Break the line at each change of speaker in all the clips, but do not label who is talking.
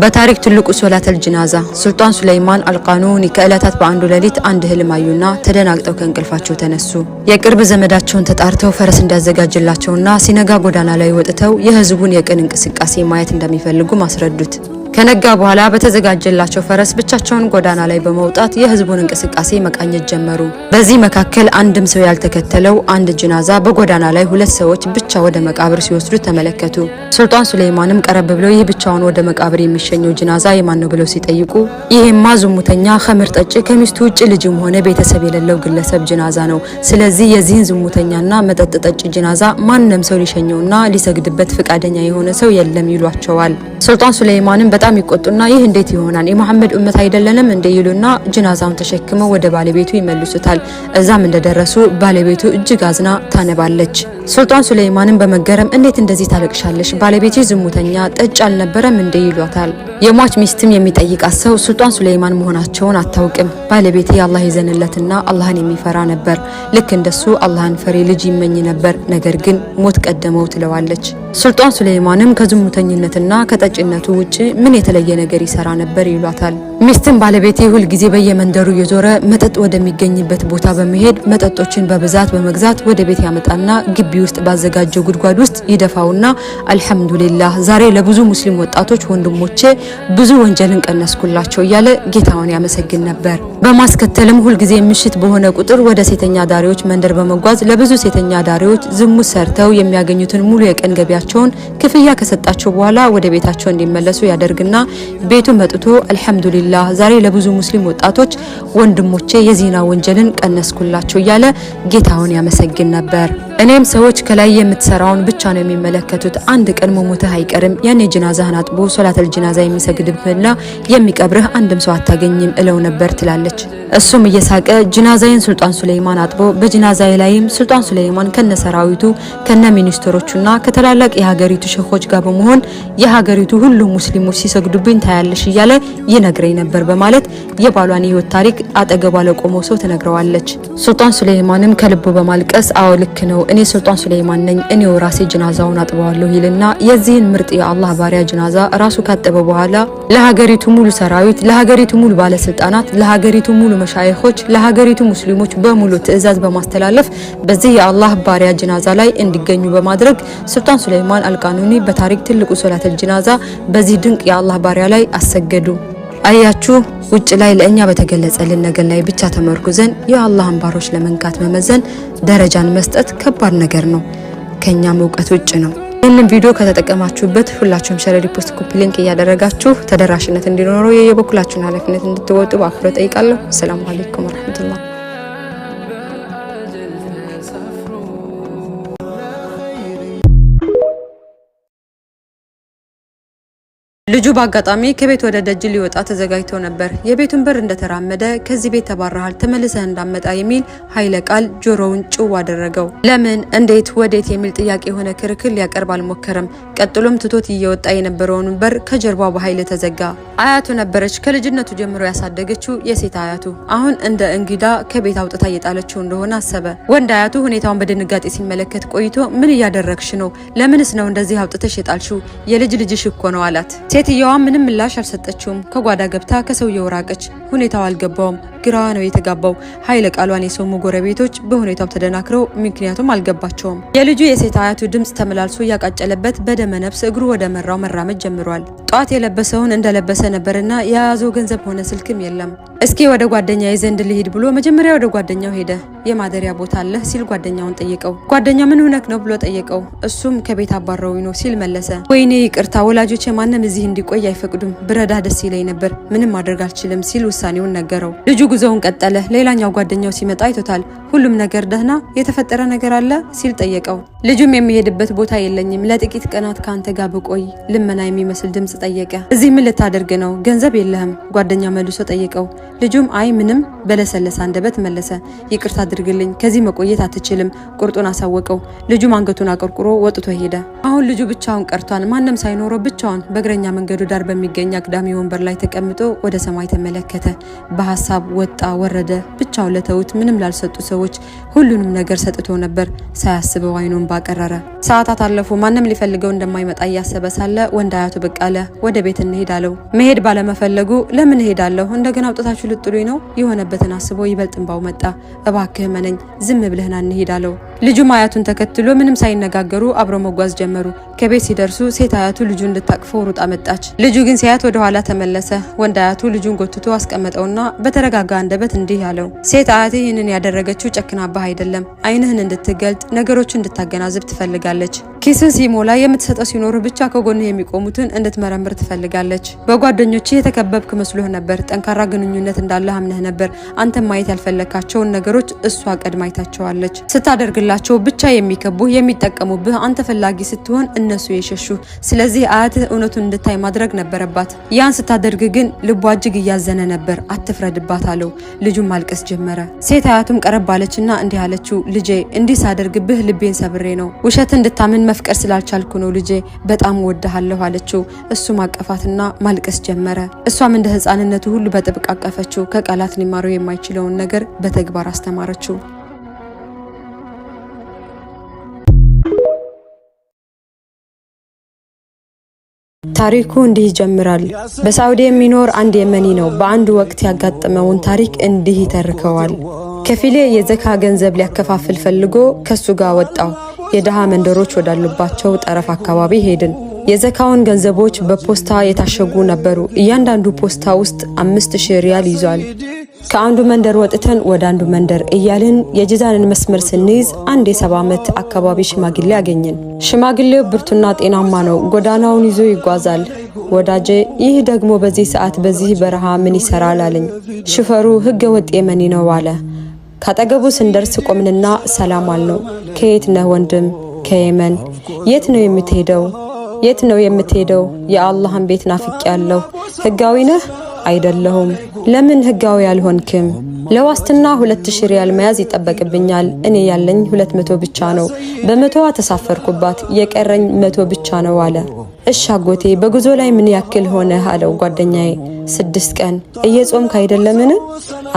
በታሪክ ትልቁ ሶላተል ጅናዛ ሱልጣን ሱለይማን አልቃኑኒ ከዕለታት በአንዱ ሌሊት አንድ ህልም አዩና ተደናግጠው ከእንቅልፋቸው ተነሱ። የቅርብ ዘመዳቸውን ተጣርተው ፈረስ እንዲያዘጋጅላቸውና ሲነጋ ጎዳና ላይ ወጥተው የህዝቡን የቅን እንቅስቃሴ ማየት እንደሚፈልጉ ማስረዱት። ከነጋ በኋላ በተዘጋጀላቸው ፈረስ ብቻቸውን ጎዳና ላይ በመውጣት የህዝቡን እንቅስቃሴ መቃኘት ጀመሩ። በዚህ መካከል አንድም ሰው ያልተከተለው አንድ ጅናዛ በጎዳና ላይ ሁለት ሰዎች ብቻ ወደ መቃብር ሲወስዱ ተመለከቱ። ሱልጣን ሱሌይማንም ቀረብ ብለው ይህ ብቻውን ወደ መቃብር የሚሸኘው ጅናዛ የማን ነው ብለው ሲጠይቁ ይሄማ ዝሙተኛ ከምር ጠጭ፣ ከሚስቱ ውጭ ልጅም ሆነ ቤተሰብ የሌለው ግለሰብ ጅናዛ ነው። ስለዚህ የዚህን ዝሙተኛና መጠጥ ጠጭ ጅናዛ ማንም ሰው ሊሸኘውና ሊሰግድበት ፈቃደኛ የሆነ ሰው የለም ይሏቸዋል። ሱልጣን ሱሌይማንም በጣም ይቆጡና ይህ እንዴት ይሆናል የመሐመድ ኡመት አይደለንም እንደ ይሉና ጅናዛውን ተሸክመው ወደ ባለቤቱ ይመልሱታል። እዛም እንደደረሱ ባለቤቱ እጅግ አዝና ታነባለች። ሱልጣን ሱሌይማንን በመገረም እንዴት እንደዚህ ታለቅሻለሽ? ባለቤቴ ዝሙተኛ ጠጭ አልነበረም እንዴ? ይሏታል። የሟች ሚስትም የሚጠይቃት ሰው ሱልጣን ሱሌይማን መሆናቸውን አታውቅም። ባለቤቴ አላህ ይዘንለትና አላህን የሚፈራ ነበር። ልክ እንደሱ አላህን ፈሪ ልጅ ይመኝ ነበር፣ ነገር ግን ሞት ቀደመው ትለዋለች። ሱልጣን ሱሌይማንም ከዝሙተኝነትና ከጠጭነቱ ውጭ ምን የተለየ ነገር ይሰራ ነበር? ይሏታል። ሚስትም ባለቤቴ ሁል ጊዜ በየመንደሩ እየዞረ መጠጥ ወደሚገኝበት ቦታ በመሄድ መጠጦችን በብዛት በመግዛት ወደ ቤት ያመጣና ግቢ ግቢ ውስጥ ባዘጋጀው ጉድጓድ ውስጥ ይደፋውና አልሐምዱሊላህ ዛሬ ለብዙ ሙስሊም ወጣቶች ወንድሞቼ ብዙ ወንጀልን ቀነስኩላቸው እያለ ጌታውን ያመሰግን ነበር። በማስከተልም ሁልጊዜ ምሽት በሆነ ቁጥር ወደ ሴተኛ ዳሪዎች መንደር በመጓዝ ለብዙ ሴተኛ ዳሪዎች ዝሙት ሰርተው የሚያገኙትን ሙሉ የቀን ገቢያቸውን ክፍያ ከሰጣቸው በኋላ ወደ ቤታቸው እንዲመለሱ ያደርግና ቤቱ መጥቶ አልሐምዱሊላህ ዛሬ ለብዙ ሙስሊም ወጣቶች ወንድሞቼ የዚና ወንጀልን ቀነስኩላቸው እያለ ጌታውን ያመሰግን ነበር። እኔም ሰው ሰዎች ከላይ የምትሰራውን ብቻ ነው የሚመለከቱት። አንድ ቀን መሞትህ አይቀርም። ያኔ ጅናዛህን አጥቦ ሶላተል ጅናዛ የሚሰግድብህና የሚቀብርህ አንድም ሰው አታገኝም እለው ነበር ትላለች። እሱም እየሳቀ ጅናዛዬን ሱልጣን ሱሌይማን አጥቦ በጅናዛዬ ላይም ሱልጣን ሱሌይማን ከነ ሰራዊቱ ከነ ሚኒስትሮቹና ከታላላቅ የሀገሪቱ ሸሆች ጋር በመሆን የሀገሪቱ ሁሉ ሙስሊሞች ሲሰግዱብኝ ታያለሽ እያለ ይነግረኝ ነበር በማለት የባሏን የህይወት ታሪክ አጠገቧ ለቆመው ሰው ትነግረዋለች። ሱልጣን ሱሌይማንም ከልቡ በማልቀስ አዎ ልክ ነው እኔ ሱልጣን ሱልጣን ሱሌይማን ነኝ እኔው ራሴ ጅናዛውን አጥበዋለሁ ይልና የዚህን ምርጥ የአላህ ባሪያ ጅናዛ ራሱ ካጠበ በኋላ ለሀገሪቱ ሙሉ ሰራዊት፣ ለሀገሪቱ ሙሉ ባለስልጣናት፣ ለሀገሪቱ ሙሉ መሻይኮች፣ ለሀገሪቱ ሙስሊሞች በሙሉ ትዕዛዝ በማስተላለፍ በዚህ የአላህ ባሪያ ጅናዛ ላይ እንዲገኙ በማድረግ ሱልጣን ሱሌይማን አልቃኑኒ በታሪክ ትልቁ ሶላተል ጅናዛ በዚህ ድንቅ የአላህ ባሪያ ላይ አሰገዱ። አያችሁ ውጭ ላይ ለእኛ በተገለጸልን ነገር ላይ ብቻ ተመርኩዘን የአላህን ባሮች ለመንካት መመዘን ደረጃን መስጠት ከባድ ነገር ነው፣ ከእኛም እውቀት ውጭ ነው። ይህንን ቪዲዮ ከተጠቀማችሁበት ሁላችሁም ሸር፣ ሪፖስት፣ ኮፒ ሊንክ እያደረጋችሁ ተደራሽነት እንዲኖረው የየበኩላችሁን ኃላፊነት እንድትወጡ በአክብሮት ጠይቃለሁ። አሰላሙ አለይኩም ወረህመቱላህ
ልጁ በአጋጣሚ ከቤት ወደ ደጅ ሊወጣ ተዘጋጅቶ ነበር። የቤቱን በር እንደተራመደ ከዚህ ቤት ተባረሃል፣ ተመልሰህ እንዳመጣ የሚል ኃይለ ቃል ጆሮውን ጭው አደረገው። ለምን፣ እንዴት፣ ወዴት የሚል ጥያቄ የሆነ ክርክር ሊያቀርብ አልሞከረም። ቀጥሎም ትቶት እየወጣ የነበረውን በር ከጀርባ በኃይል ተዘጋ። አያቱ ነበረች፣ ከልጅነቱ ጀምሮ ያሳደገችው የሴት አያቱ። አሁን እንደ እንግዳ ከቤት አውጥታ እየጣለችው እንደሆነ አሰበ። ወንድ አያቱ ሁኔታውን በድንጋጤ ሲመለከት ቆይቶ ምን እያደረግሽ ነው? ለምንስ ነው እንደዚህ አውጥተሽ የጣልሽው? የልጅ ልጅሽ እኮ ነው አላት። ሴትየዋ ምንም ምላሽ አልሰጠችውም። ከጓዳ ገብታ ከሰውየው ራቀች። ሁኔታው አልገባውም። ግራ ነው የተጋባው። ኃይለ ቃሏን የሰሙ ጎረቤቶች በሁኔታው ተደናክረው ምክንያቱም አልገባቸውም። የልጁ የሴት አያቱ ድምፅ ተመላልሶ እያቃጨለበት በደመ ነፍስ እግሩ ወደ መራው መራመድ ጀምሯል። ጠዋት የለበሰውን እንደለበሰ ነበርና የያዘው ገንዘብ ሆነ ስልክም የለም። እስኪ ወደ ጓደኛዬ ዘንድ ልሂድ ብሎ መጀመሪያ ወደ ጓደኛው ሄደ። የማደሪያ ቦታ አለህ ሲል ጓደኛውን ጠየቀው። ጓደኛው ምን ሆነክ ነው ብሎ ጠየቀው። እሱም ከቤት አባረው ነው ሲል መለሰ። ወይኔ ይቅርታ፣ ወላጆች ማንም እዚህ እንዲቆይ አይፈቅዱም። ብረዳ ደስ ይለኝ ነበር፣ ምንም ማድረግ አልችልም ሲል ውሳኔውን ነገረው። ልጁ ጉዞውን ቀጠለ። ሌላኛው ጓደኛው ሲመጣ አይቶታል። ሁሉም ነገር ደህና፣ የተፈጠረ ነገር አለ ሲል ጠየቀው። ልጁም የሚሄድበት ቦታ የለኝም፣ ለጥቂት ቀናት ከአንተ ጋር ብቆይ ልመና የሚመስል ድምፅ ጠየቀ። እዚህ ምን ልታደርግ ነው? ገንዘብ የለህም? ጓደኛ መልሶ ጠየቀው። ልጁም አይ ምንም በለሰለሰ አንደበት መለሰ። ይቅርታ አድርግልኝ፣ ከዚህ መቆየት አትችልም፣ ቁርጡን አሳወቀው። ልጁም አንገቱን አቆርቁሮ ወጥቶ ሄደ። አሁን ልጁ ብቻውን ቀርቷል። ማንም ሳይኖረው ብቻውን በእግረኛ መንገዱ ዳር በሚገኝ አግዳሚ ወንበር ላይ ተቀምጦ ወደ ሰማይ ተመለከተ በሀሳብ ወጣ ወረደ፣ ብቻው ለተውት ምንም ላልሰጡ ሰዎች ሁሉንም ነገር ሰጥቶ ነበር። ሳያስበው አይኑን ባቀረረ። ሰዓታት አለፉ። ማንም ሊፈልገው እንደማይመጣ እያሰበ ሳለ ወንድ አያቱ ብቅ አለ። ወደ ቤት እንሄድ አለው። መሄድ ባለመፈለጉ ለምን እሄዳለሁ እንደገና አውጥታችሁ ልጥሉኝ ነው የሆነበትን አስቦ ይበልጥ እንባው መጣ። እባክህ መነኝ፣ ዝም ብለህና እንሄድ አለው። ልጁም አያቱን ተከትሎ ምንም ሳይነጋገሩ አብሮ መጓዝ ጀመሩ። ከቤት ሲደርሱ ሴት አያቱ ልጁን እንድታቅፈው ሩጣ መጣች። ልጁ ግን ሲያያት ወደ ኋላ ተመለሰ። ወንድ አያቱ ልጁን ጎትቶ አስቀመጠውና በተረጋጋ አንደበት እንዲህ አለው፣ ሴት አያት ይህንን ያደረገችው ጨክናባህ አይደለም። አይንህን እንድትገልጥ ነገሮችን እንድታገናዝብ ትፈልጋለች። ኪስን ሲሞላ የምትሰጠው ሲኖር ብቻ ከጎንህ የሚቆሙትን እንድትመረምር ትፈልጋለች። በጓደኞች የተከበብክ መስሎህ ነበር። ጠንካራ ግንኙነት እንዳለ አምነህ ነበር። አንተም ማየት ያልፈለካቸውን ነገሮች እሷ ቀድማ አይታቸዋለች። ስታደርግላቸው ብቻ የሚከቡህ የሚጠቀሙብህ፣ አንተ ፈላጊ ስትሆን እነሱ የሸሹ። ስለዚህ አያትህ እውነቱን እንድታይ ማድረግ ነበረባት። ያን ስታደርግ ግን ልቧ እጅግ እያዘነ ነበር። አትፍረድባት አለው። ልጁም ማልቀስ ጀመረ። ሴት አያቱም ቀረብ አለችና እንዲህ አለችው፣ ልጄ እንዲህ ሳደርግብህ ልቤን ሰብሬ ነው ውሸት እንድታምን መፍቀር ስላልቻልኩ ነው ልጄ በጣም ወድሃለሁ አለችው። እሱ ማቀፋትና ማልቀስ ጀመረ። እሷም እንደ ህፃንነቱ ሁሉ በጥብቅ አቀፈችው። ከቃላት ሊማረው የማይችለውን ነገር በተግባር አስተማረችው።
ታሪኩ እንዲህ ይጀምራል። በሳውዲ የሚኖር አንድ የመኒ ነው። በአንድ ወቅት ያጋጠመውን ታሪክ እንዲህ ይተርከዋል። ከፊሌ የዘካ ገንዘብ ሊያከፋፍል ፈልጎ ከሱ ጋር ወጣው። የድሃ መንደሮች ወዳሉባቸው ጠረፍ አካባቢ ሄድን። የዘካውን ገንዘቦች በፖስታ የታሸጉ ነበሩ። እያንዳንዱ ፖስታ ውስጥ አምስት ሺህ ሪያል ይዟል። ከአንዱ መንደር ወጥተን ወደ አንዱ መንደር እያልን የጅዛንን መስመር ስንይዝ አንድ የሰባ ዓመት አካባቢ ሽማግሌ አገኘን። ሽማግሌው ብርቱና ጤናማ ነው። ጎዳናውን ይዞ ይጓዛል። ወዳጄ፣ ይህ ደግሞ በዚህ ሰዓት በዚህ በረሃ ምን ይሰራል አለኝ። ሽፈሩ ህገ ወጥ የመኒ ነው አለ። ካጠገቡ ስንደርስ ቆምንና ሰላም አልነው። ከየት ነህ ወንድም? ከየመን። የት ነው የምትሄደው? የት ነው የምትሄደው? የአላህን ቤት ናፍቅ ያለሁ። ህጋዊ ነህ? አይደለሁም። ለምን ህጋዊ አልሆንክም? ለዋስትና ሁለት ሺህ ሪያል መያዝ ይጠበቅብኛል። እኔ ያለኝ ሁለት መቶ ብቻ ነው። በመቶዋ ተሳፈርኩባት፣ የቀረኝ መቶ ብቻ ነው አለ። እሺ አጎቴ በጉዞ ላይ ምን ያክል ሆነ አለው ጓደኛዬ። ስድስት ቀን እየጾምክ አይደለምን?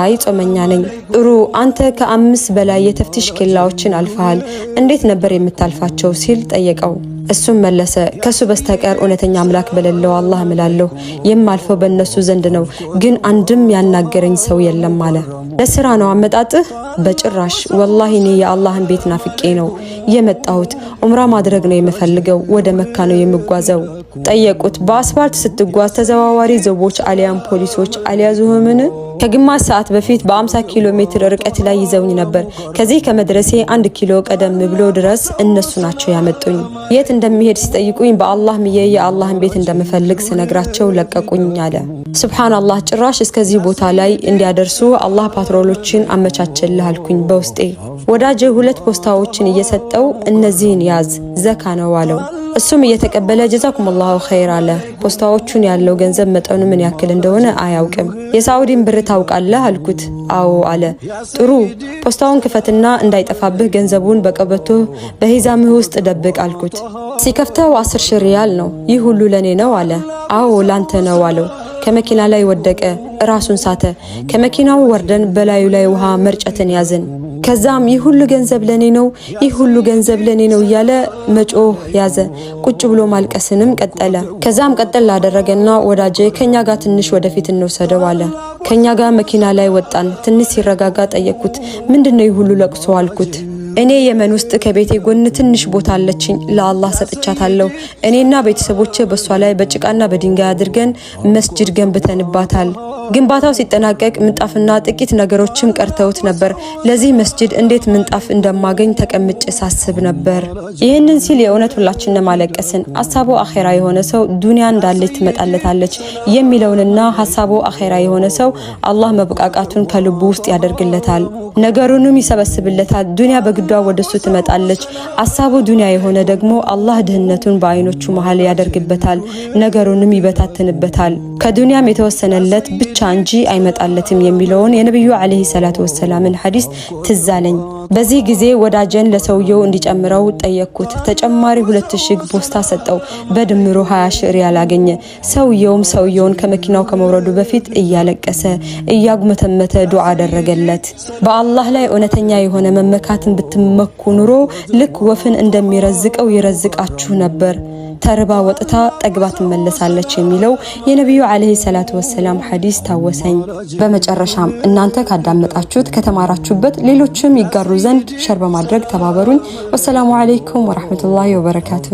አይ ጾመኛ ነኝ። ጥሩ አንተ ከአምስት በላይ የተፍትሽ ኬላዎችን አልፈሃል። እንዴት ነበር የምታልፋቸው ሲል ጠየቀው። እሱም መለሰ ከሱ በስተቀር እውነተኛ አምላክ በሌለው አላህ እምላለሁ የማልፈው በእነሱ ዘንድ ነው፣ ግን አንድም ያናገረኝ ሰው የለም አለ። ለስራ ነው አመጣጥህ? በጭራሽ ወላሂ፣ እኔ የአላህን ቤት ናፍቄ ነው የመጣሁት። ኡምራ ማድረግ ነው የምፈልገው። ወደ መካ ነው የምጓዘው። ጠየቁት። በአስፋልት ስትጓዝ ተዘዋዋሪ ዘቦች አሊያም ፖሊሶች አልያዙህምን? ከግማሽ ሰዓት በፊት በ50 ኪሎ ሜትር ርቀት ላይ ይዘውኝ ነበር። ከዚህ ከመድረሴ አንድ ኪሎ ቀደም ብሎ ድረስ እነሱ ናቸው ያመጡኝ። የት እንደሚሄድ ሲጠይቁኝ በአላህ ምዬ የአላህን ቤት እንደምፈልግ ስነግራቸው ለቀቁኝ አለ። ሱብሃነላህ ጭራሽ እስከዚህ ቦታ ላይ እንዲያደርሱ አላህ ኮንትሮሎችን አመቻቸልህ አልኩኝ በውስጤ። ወዳጄ ሁለት ፖስታዎችን እየሰጠው እነዚህን ያዝ ዘካ ነው አለው። እሱም እየተቀበለ ጀዛኩም ላሁ ኸይር አለ። ፖስታዎቹን ያለው ገንዘብ መጠኑ ምን ያክል እንደሆነ አያውቅም። የሳውዲን ብር ታውቃለህ አልኩት። አዎ አለ። ጥሩ ፖስታውን ክፈትና እንዳይጠፋብህ ገንዘቡን በቀበቶ በሂዛምህ ውስጥ ደብቅ አልኩት። ሲከፍተው አስር ሺህ ሪያል ነው። ይህ ሁሉ ለእኔ ነው አለ። አዎ ላንተ ነው አለው። ከመኪና ላይ ወደቀ፣ ራሱን ሳተ። ከመኪናው ወርደን በላዩ ላይ ውሃ መርጨትን ያዝን። ከዛም ይህ ሁሉ ገንዘብ ለኔ ነው፣ ይህ ሁሉ ገንዘብ ለኔ ነው እያለ መጮህ ያዘ። ቁጭ ብሎ ማልቀስንም ቀጠለ። ከዛም ቀጠል ላደረገና ወዳጄ ከኛ ጋር ትንሽ ወደፊት እንወሰደው አለ። ከኛ ጋር መኪና ላይ ወጣን። ትንሽ ሲረጋጋ ጠየቅኩት። ምንድነው ይህ ሁሉ ለቅሶ አልኩት። እኔ የመን ውስጥ ከቤቴ ጎን ትንሽ ቦታ አለችኝ፣ ለአላህ ሰጥቻታለሁ። እኔና ቤተሰቦቼ በእሷ ላይ በጭቃና በድንጋይ አድርገን መስጅድ ገንብተንባታል። ግንባታው ሲጠናቀቅ ምንጣፍና ጥቂት ነገሮችም ቀርተውት ነበር። ለዚህ መስጅድ እንዴት ምንጣፍ እንደማገኝ ተቀምጬ ሳስብ ነበር። ይህንን ሲል የእውነት ሁላችን ማለቀስን ሀሳቡ አኼራ የሆነ ሰው ዱንያ እንዳለች ትመጣለታለች የሚለውንና ሀሳቡ አኼራ የሆነ ሰው አላህ መብቃቃቱን ከልቡ ውስጥ ያደርግለታል፣ ነገሩንም ይሰበስብለታል። ዱንያ በግዷ ወደሱ ትመጣለች። ሀሳቡ ዱንያ የሆነ ደግሞ አላህ ድህነቱን በአይኖቹ መሀል ያደርግበታል፣ ነገሩንም ይበታትንበታል። ከዱንያም የተወሰነለት ብቻ እንጂ አይመጣለትም የሚለውን የነቢዩ ዓለይሂ ሰላቱ ወሰላምን ሐዲስ ትዛለኝ። በዚህ ጊዜ ወዳጀን ለሰውየው እንዲጨምረው ጠየቅኩት። ተጨማሪ ሁለት እሽግ ፖስታ ሰጠው። በድምሩ ሀያ ሺህ ሪያል አገኘ። ሰውየውም ሰውየውን ከመኪናው ከመውረዱ በፊት እያለቀሰ እያጉመተመተ ዱዓ አደረገለት። በአላህ ላይ እውነተኛ የሆነ መመካትን ብትመኩ ኑሮ ልክ ወፍን እንደሚረዝቀው ይረዝቃችሁ ነበር። ተርባ ወጥታ ጠግባ ትመለሳለች የሚለው የነቢዩ አለህ ሰላት ወሰላም ሐዲስ ታወሰኝ። በመጨረሻም እናንተ ካዳመጣችሁት ከተማራችሁበት፣ ሌሎችም ይጋሩ ዘንድ ሸር በማድረግ ተባበሩኝ። ወሰላሙ አለይኩም ወራህመቱላሂ ወበረካቱ።